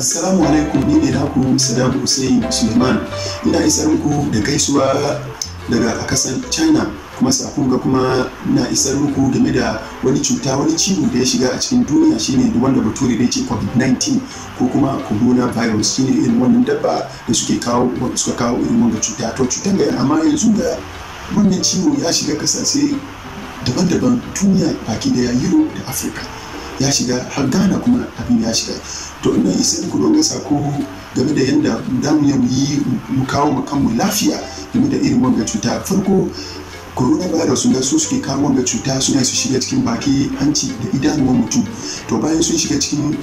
Assalamu alaikum ni ne ku Saddam Hussein Suleiman ina isar muku da gaisuwa daga kasan China kuma sakon ga kuma na isar muku game da wani cuta wani ciwo da ya shiga a cikin duniya shine wanda bature da ce covid-19 ko kuma corona virus shine irin wannan dabba da suke kawo suka kawo irin wannan cuta to cutar ga amma yanzu da wannan ciwo ya shiga kasashe daban-daban duniya baki da europe da africa ya shiga har ghana kuma abin ya shiga to ina isa ku dogon sako game da yadda za mu yi mu kawo mu kanmu lafiya game da irin wanga cuta farko coronavirus sun su suke kawo wanga cuta suna su shiga cikin baki hanci da idanuwan mutum to bayan sun shiga cikin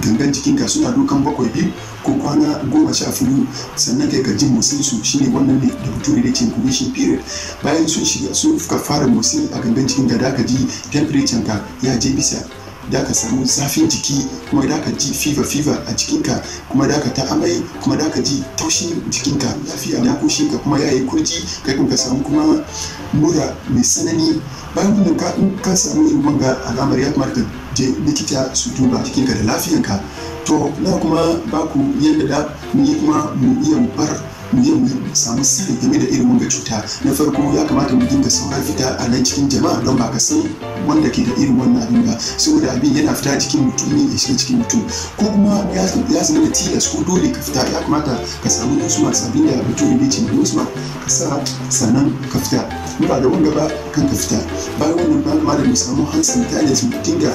gangan cikin ka suna dukan bakwai biyu ko kwana goma sha fulu sannan kai ka jin musin su shine wannan ne da mutum da ce incubation period bayan sun shiga sun fara musin a gangan cikin ka da ka ji temperature ka ya je bisa da ka samu zafin jiki kuma da ka ji fever fever a jikinka kuma da ka ta amai kuma da ka ji taushin jikinka lafiya na kushinka kuma ya yi kurji kai kuma ka samu kuma mura mai tsanani bayan wannan ka in ka samu irin ga alamar ya kamata ka je likita su duba jikinka da lafiyanka to na kuma ba ku yadda da ni kuma mu iya bar mu je mu samu sani game da irin wanga cuta na farko ya kamata mu dinga sauran fita a nan cikin jama'a don ba ka san wanda ke da irin wannan abin ba saboda abin yana fita cikin mutum ne ya shiga cikin mutum ko kuma ya zama da tilas ko dole ka fita ya kamata ka samu wasu masu abin da mutum ne ce wasu ma ka sa sannan ka fita ba da wanga ba kan ka fita bayan wannan ba da mu samu hansan tilas mu dinga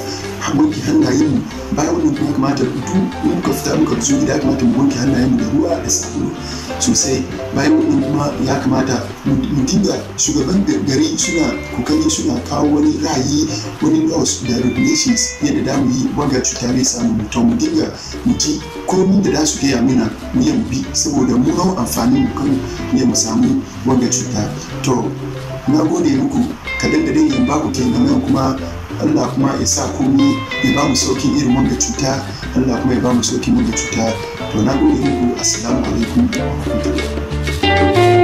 wanke hannayen mu bayan wannan kuma kamata duk muka fita muka zo gida kamata mu wanke hannayen mu da ruwa da sabulu sosai sai bayan wannan kuma ya kamata mutum da shugaban gari suna kokari suna kawo wani ra'ayi wani laws da regulations yadda da mu yi wanga cuta mai samu mutum mu dinga mu ji komi da za su gaya mana mu yi bi saboda mu hau amfani mu kan ne mu samu wanga cuta to na gode muku kadan da dangin baku nan kuma Allah kuma ya sa komi ya ba mu saukin irin wanga cuta Allah kuma ya ba mu saukin wanga cuta Tuanaku ibu, assalamualaikum warahmatullahi wabarakatuh.